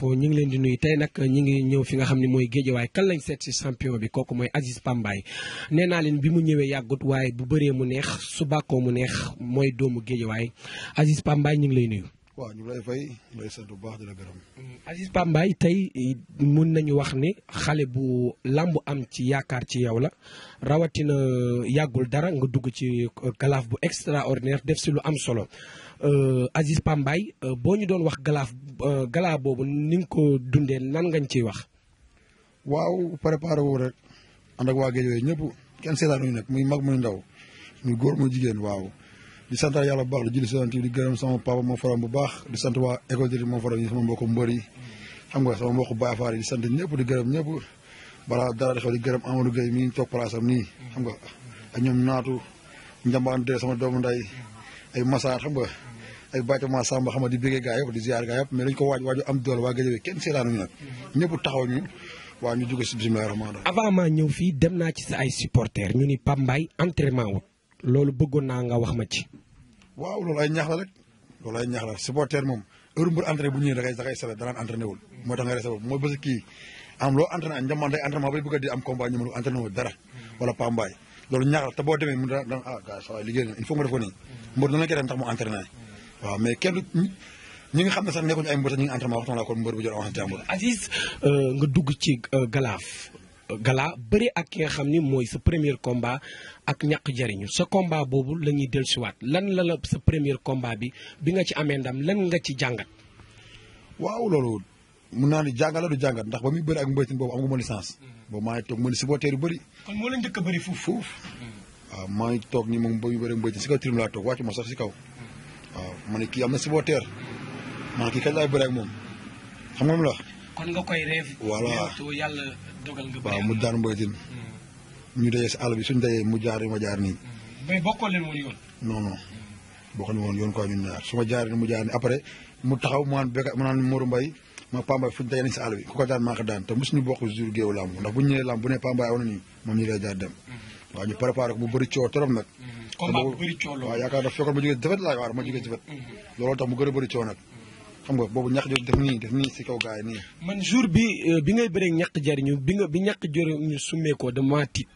info ñu ngi leen di nuyu tey nag ñu ngi ñëw fi nga xam ne mooy géejawaay kan lañ seet si champion bi kooku mooy Aziz Pambaay nee naa leen bi mu ñëwee yàggut waaye bu bëree mu neex su bàkkoo mu neex mooy doomu géejawaay Aziz Pambaay ñu ngi lay nuyu. waaw ñu ngi lay fay lay sant bu baax di la gërëm. Mm, Aziz Pambaay tey mun nañu wax ni xale bu làmb am ci yaakaar ci yow la rawatina yàggul dara nga dugg ci galaaf euh, bu extraordinaire def si lu am solo. Euh, Aziz Pambaay euh, boo ñu doon wax galaaf euh, galaa boobu ni nga ko dundee nan ngañ ciy wax. waaw préparé wu rek ànd ak waa Guédiawaye ñëpp kenn seetaanuñu nag muy mag muy ndaw muy góor mu jigéen waaw. di sant yàlla bu baax di julli sant di gërëm sama papa moo faram bu baax di sant waa école moo faram yi sama mbokku mbër xam nga sama mbokku Baay Faal yi di sant ñëpp di gërëm ñëpp balaa dara di xew di gërëm Amadou Gueye mi ngi toog place nii xam nga ak ñoom naatu njambaan de sama doomu nday ay masaar xam nga ay bâtiment samba xam di bégee gaay yëpp di ziar gaay mais dañ ko waj waju am dool wa gëjëwé kenn seetaanuñu nag ñëpp taxaw ñu wa ñu jóge ci bisimilah rahmaan rahim avant ma ñëw fi dem na ci sa ay supporters ñu ni pambay entraînement wut loolu bëggon na nga wax ma ci waaw loolu ay ñaax la rek loolu ay ñaax la supporter mom heure mbir entraîné bu ñëw da ngay da ngay da danaan entraîné wul mo tax nga rese mo bëss ki am lo entraîné ñam man day entraînement bay bëgg di am combat ñu mënu entraîné wu dara wala pambay loolu ñaax te boo demee mu da da ah gars waaye liggéey na il faut nga def ko nii mbër noonu la koy ndax mu entraîné waaw mais kenn ñu nga xam ne sax nekkuñu ay mbër sax ñu ngi entraînement waxtaan la kon mbër bu jël avance jàmbur euh, nga dugg ci euh, galaaf gala bëri ak ki nga xam ni mooy sa premier combat ak ñaq jariñu sa combat boobu la ñuy dellusiwaat lan la la sa premier combat bi bi nga ci amee ndam lan nga ci jàngat waaw loolu mun naa ne jàngal du jangat ndax bamuy beur ak mbaytin bobu amaguma licence. bo may tok toog ma ne supporter yu bëri. kon mo leen dëkk beuri bëri foofu. ah may tok ni mo bamuy beure bëri ci kaw tirim laa toog wàcc ma sax ci kaw. ah mané ki amna am na supporter maa kii kañ laay bëri ak mom xam nga mu la. kon nga koy rêve reef. to yalla dogal nga. ba mu daan mbaytin. Mm-hmm. ñu dajee ci àll bi suñu dajee mu jaar ma jaar ni mm-hmm. mais bokkoo leen woon yoon. non non mm-hmm. bokkoo leen woon yoon ko ñun ñaar suma jaar ni mu jaar ni après mu taxaw mu an mu nan mourou mbay ma Pambaay fu ñu daje nañ si àll bi ku ko daan maa a bëri coow nag mhm. xam nga boobu ñàkk jëriñ def nii def si kaw gars yi man jour bi euh, bi ngay bëree ñàkk jariñu bi nga bi ñàkk jariñu summee ko dama tiit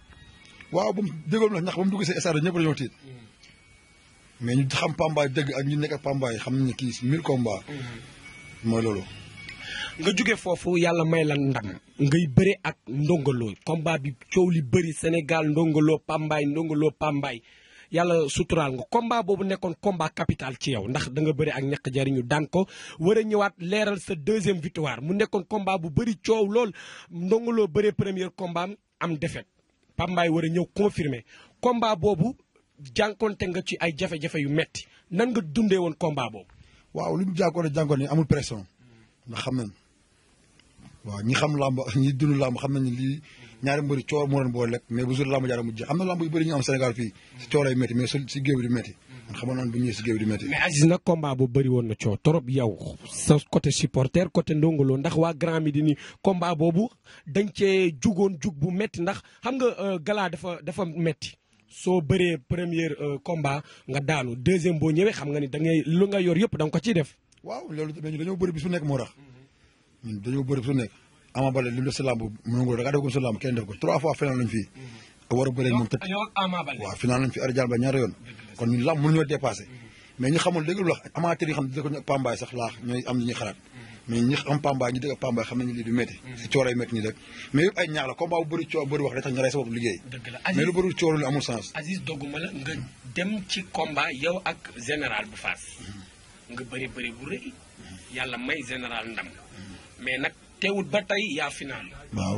waaw ba mu déggoon la ñax ba mu dugg si stade ñëpp dañoo tiit mhm. mais ñu xam Pambaay dëgg ak ñu nekk ak Pambaay xam nañu kii mille combat mhm. mooy loolu nga jóge foofu yàlla may la ndam ngay bëre ak ndongolo combat bi coow li bëri Sénégal ndongoloo pambaay ndongoloo pambaay yàlla suturaal nga combat boobu nekkoon combat capital ci yow ndax da nga bëri ak ñaq jariñu daan ko war a ñëwaat leeral sa deuxième victoire mu nekkoon combat bu bëri coow lool ndongolo bëree premier combat am défaite pambaay war a ñëw confirmer combat boobu jànkonte nga ci ay jafe-jafe yu metti nan nga dundee woon combat boobu. waaw li ñu jànkoon jànkoon amul pression ndax xam nañ waaw ñi xam làmb ñi dund làmb xam nañu lii ñaari mbëri coor moo leen boole lekk mais am na làmb yu bëri ñu am Sénégal fii si coor ay métti mais su si géew di métti man xamoon naan bu ñëwee si géew di métti mais Aziz nag cee jugoon jug bu métti ndax xam nga euh, galaa dafa dafa métti soo bëree première euh, combat nga daanu deuxième boo ñëwee xam nga ni da ngay lu nga yor yëpp da nga ko ciy def waaw loolu dañoo bi su nekk moo tax ñun dañoo bëri su nekk Ama Baldé li mu def si làmb mënu ko da ngaa def ko si làmb kenn def ko trois fois final lañ fii mhm. war a bëri moom tëdd waaw final lañ fi arjaan mhm. mhm. sa bopp liggéey mais lu bëri coono lu amul sens nga dem ci combat yow ak général bu Fass nga bëri bëri bu rëy yàlla may général ndam mais nag teewul ba tey yaa final. waaw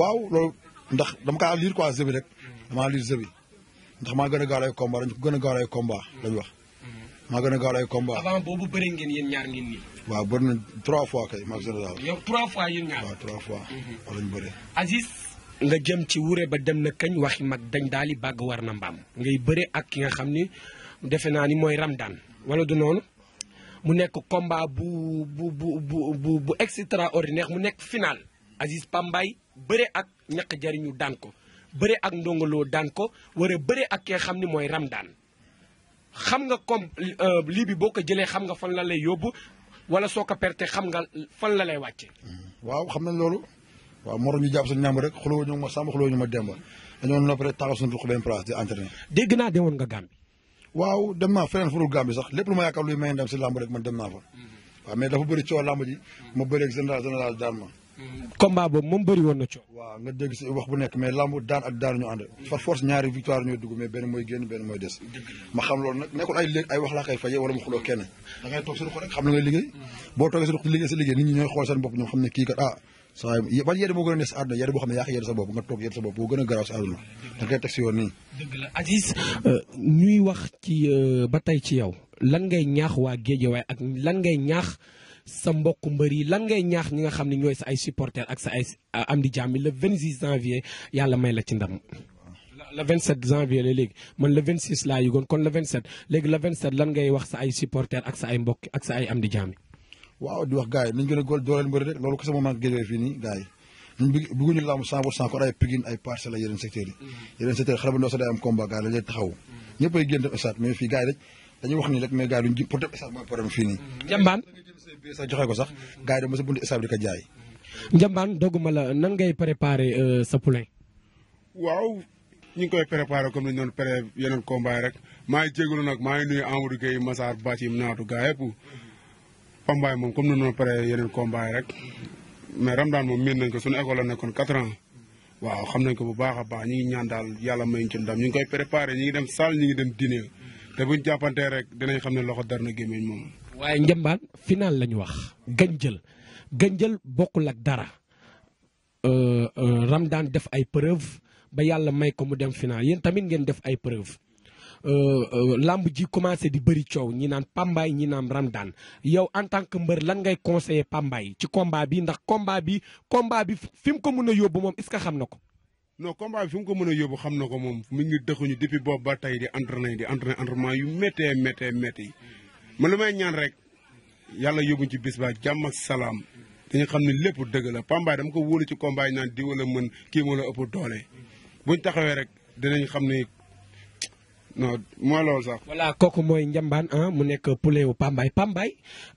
waaw loolu ndax dama kaa lire quoi jeu rek damaa lire jeu ndax maa gën a gaaw lay combat ko gën a gaaw komba combat lañu wax. maa gën a gaaw lay combat. bëri ngeen yéen ñaar ngeen nii. waaw bëri na trois fois kay maag général. yow trois fois yéen ñaar trois fois. wala mhm. ñu bëree. Aziz. nga jëm ci wure ba dem na kañ waxi mag dañ daal di bàgg war na mbaam. ngay bëre ak ki nga xam ni defe naa ni mooy ram daan wala du noonu. mu nekk combat bu bu bu bu bu extraordinaire mu nekk final Aziz Pambay bëre ak ñaq jariñu daan ko bëre ak ndongoloo daan ko war a bëre ak kee xam ni mooy daan xam nga comme euh, lii bi boo ko jëlee xam nga fan la lay yóbbu wala soo ko perte xam nga fan la lay wàcce mm. waaw xam nañ loolu waaw moroom ñu jàpp suñu ñàmb rek xuloo ñu ma sàmm xuloo ñu ma demba dañoo noppare taxaw suñu ruq benn place di entraîner dégg naa demoon nga Gambie waaw dem naa feneen furul Gambie sax lépp lu ma yaakaar luy may ndam si làmb rek man dem naa fa mm-hmm. waaw mais dafa bëri coow làmb ji ma mm-hmm. bëri ak mm-hmm. génn benn mooy des ma xam loolu nag ay wax laa koy faje wala ma xuloo kenn da toog sa ruq rek xam la ngay liggéey boo toogee sa ruq liggéey sa liggéey nit ñooy xool seen bopp ñoom xam ne kii kat ah saa yi ban yedd moo gën a nees àdduna yedd boo xam ne yaa ngi yedd sa bopp nga toog yedd boo gën a garaaw si àdduna da koy teg si yoon nii. dëgg euh, ñuy wax ci euh, ba tey ci yow lan ngay ñaax waa Géejawaay ak lan ngay ñaax sa mbokk mbër yi lan ngay ñaax ñi nga xam ne ñooy sa ay supporters ak sa ay am di jàmm le 26 janvier yàlla may la ci ndam. le 27 janvier la léegi man le 26 laa yëgoon kon vingt 27 léegi la le 27 lan ngay wax sa ay supporters ak sa ay mbokk ak sa ay am waaw di wax gars yi nañ gën a góor rek loolu kese moom nag géejee fii nii gars yi ñun bëgg bëgguñu laamu 100 pour ay Pikine ay Parcelles ay yeneen secteurs yi mm-hmm. yeneen secteurs xale bu yi dañ leen mm-hmm. yi rek dañuy wax nii rek mais gars yi mm-hmm. joxe ko sax gars yi da mos a bunt stade bi di ko jaay jambaan dogguma la nan ngay euh, sa poulain waaw ñu ngi koy préparé comme ni ñoon doon pré yeneen combat rek maa ngi jégalu nag maa ngi di Amadou Gueye Massar Bacim naatu gars yëpp combat moom comme ni ma paree yeneen combat rek mais Ramadane moom miin nañ ko suñu école la nekkoon quatre ans waaw xam nañ ko bu baax a baax ñu ngi ñaan daal yàlla may ñu ci ndam ñu koy préparé ñu ngi dem salle ñu ngi dem dîner te buñ jàppantee rek dinañ xam ne loxo dar na moom. waaye njëmbaan final la ñu wax ganjël ganjël bokkul ak dara euh, euh, Ramadane def ay preuve ba yàlla may ko mu dem final yéen tamit ngeen def ay preuve Euh, euh, lamb ji commencé di bëri coow ñi naan Pambaay ñi naan Ramdan yow en tant que mbër lan ngay conseiller Pambaay ci combat bi ndax combat bi combat bi fi mu ko mën a yóbbu moom est-ce que xam na ko. no combat bi fi mu ko mën a yóbbu xam na ko moom mi ngi dëxuñu depuis boobu ba tey di entraîné di entraîné entraînement yu méttee méttee métti yi man lu may ñaan rek yàlla yóbbuñ ci bis ba jàmm ak salaam dañu xam ne lépp dëgg la Pambaay dama ko wóolu ci combat yi di wala mën kii moo la ëpp doole taxawee rek dinañ xam non mooy loolu sax. kooku mooy Njambaan ah mu nekk poulet wu Pambaay Pambaay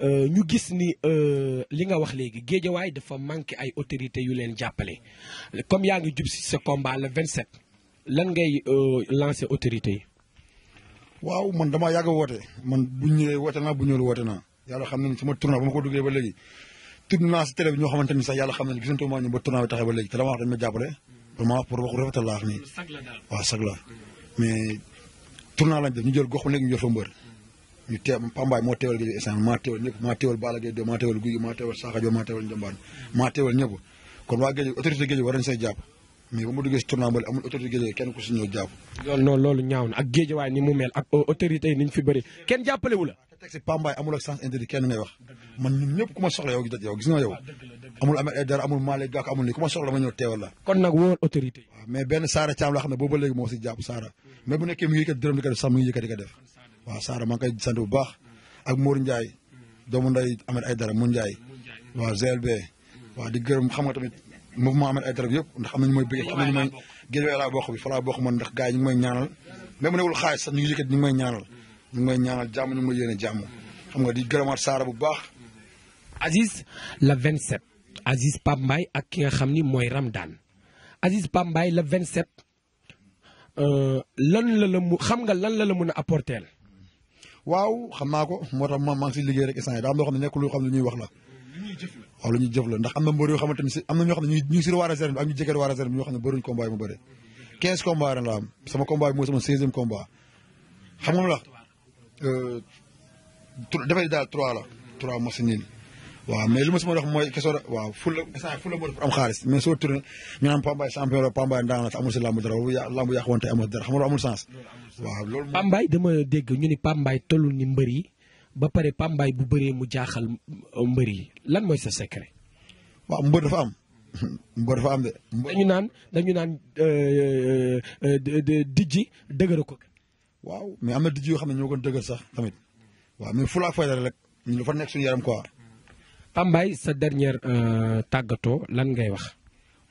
euh, ñu gis ni euh, li nga wax léegi géejawaay dafa manqué ay autorités yu leen jàppale comme yaa ngi jub si sa combat le 27 lan ngay euh, lancer autorités yi. waaw man dama yàgg woote man bu ñëwee woote naa bu ñëwee woote naa yàlla xam ne sama tournoi ba ma ko duggee ba léegi tudd naa si télé bi ñoo xamante ni sax yàlla xam ne gisantuma ñu ba tournoi bi taxee ba léegi te dama wax dañ ma jàppale. pour ma wax tournant lañ def ñu jël gox bu nekk ñu jël fa mbër ñu teewal gi instant teewal ñëpp maa teewal Balla Gaye teewal ñëpp kon ba mu duggee si tournant bale amul autorité géej kenn kenn jàppalewu la teg si Pambaay amul ak sens interdit kenn ngay wax man ñun ñëpp ku ma soxla yow yow gis nga yow amul amee ay dara amul maale gàkk amul nag wóor autorité mais benn Saara Thiam laa xam ne booba léegi moo si jàpp Saara mais bu nekkee mu ngi yëkkati dërëm di ko def sax mu ngi yëkkati di ko def waaw Saara maa bu baax ak di gërëm xam nga tamit mouvement Ahmed Aïdara bi yëpp ndax am mooy bi fa laa bokk man ndax gars yi ñu ngi may ñaanal même newul xaalis sax ñu ngi yëkkati ñu ngi jàmm xam nga di gërëmaat Saara bu baax Aziz la 27 Aziz Pape Mbaye ak ki nga xam ni mooy Ramdan Aziz Pape mbaay la 27 Euh, lan la la xam nga lan la la mën a apporter. waaw xam naa ko moo tax ma maa ngi siy liggéey rek instant yii daa am loo xam ne nekk lu xam ne ñuy wax la. waaw lu ñuy jëf na ndax am na mbër yoo xamante ni si am na ñoo xam ne ñu ngi si waa réserve bi ak ñu jege waa réserve bi ñoo xam ne bëruñ combat yi ma bëre. 15 combat ren la am sama combat bi sama 16e xam nga la euh, dafay daal 3 la 3 machines yi. waaw mais li ma si mën a wax mooy question waaw fula instant fula am xaalis mais soo turee ñu naan Pambaay champion la Pambaay ndaan la te amul si lamb dara waaw loolu dégg ñu ni Pambaay tollul ni mbër yi ba pare Pambaay bu bëree mu jaaxal euh, mbër yi lan mooy sa secret. waaw mbër dafa am. mbër dafa am de. dañu naan dañu naan euh, euh, dijji dëgëru ko. waaw mais am na dijji yoo xam ne ñoo gën dëgër sax tamit waaw mais fula ak fayda rek ñu fa nekk suñu yaram quoi. Pambaay sa dernière euh, tagato lan ngay wax.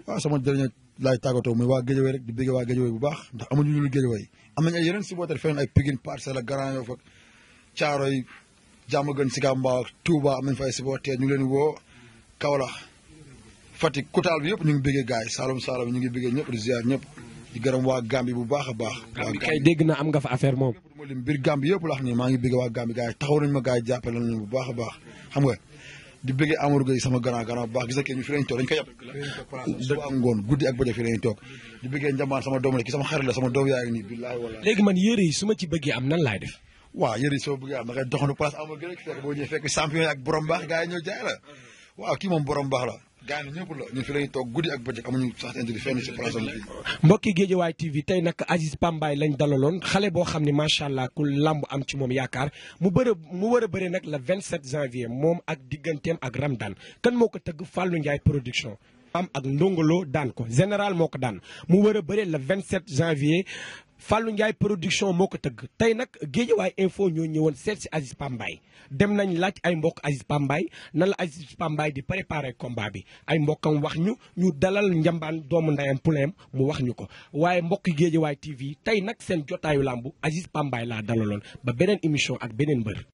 wa sama dernier lay tagato muy wa gëjëw rek di bëgg wa gëjëw bu baax ndax amuñu lu Géejawaay am nañu ay yeneen supporter feneen ay pigin parcel ak Grand yo fak ak Thiaroye Diamaguène Sicap Mbao ak Touba am nañu fa ay supporter ñu leen wo kawla fatik kutal bi yëpp ñu ngi bëggee gaay yi Saloum ñu ngi bëggee ñëpp di ziar ñëpp di gërëm wa gambi bu baax baax. gambi kay dégg na am nga fa affaire mom mo lim bir gambi yëpp la xni ma ngi bëgg wa gambi gaay taxaw nañ ma gaay yi nañ bu baax baax xam nga di bëggee Amadou Gueye sama grand grand bu baax gis nga kii ñu fi lañ toog dañ koy yàpp ngoon guddi ak bëccëg fi lañ toog di bëggee njamaan sama doom la ki sama xarit la sama doom yaa nii billaahi wala léegi man yére su ma ci bëggee am nan laay def waaw yére yi soo bëggee am da ngay doxandu place Amadou Gueye rek fekk boo ñëwee fekk champion yi ak borom baax gars yi ñëw jaay la waaw kii moom borom baax la gaa yi toog guddi ak bëccëg amuñu sax intérêt fenn si place am bi. mbokki Géejawaay TV tey nag Aziz Pambaay lañ dalaloon xale boo xam ne macha allah ku làmb am ci moom yaakaar mu bëre mu war a bëre nag le 27 janvier moom ak digganteem ak Ramdan kan moo ko tëgg Fallou Ndiaye production. am ak ndongolo daan ko général moo ko daan mu war a bëre le 27 janvier. Fallou Ndiaye production moo ko tëgg tey nag Géejawaay info ñoo ñëwoon seet si Aziz Pambaay dem nañ laaj ay mbokk Aziz Pambaay nan la Aziz Pambaay di préparer combat bi ay mbokkam wax ñu ñu dalal njambaan doomu ndayam puleem mu wax ñu ko waaye mbokk Géejawaay TV tey nag seen jotaayu làmbu Aziz Pambaay laa dalaloon ba beneen émission ak beneen mbër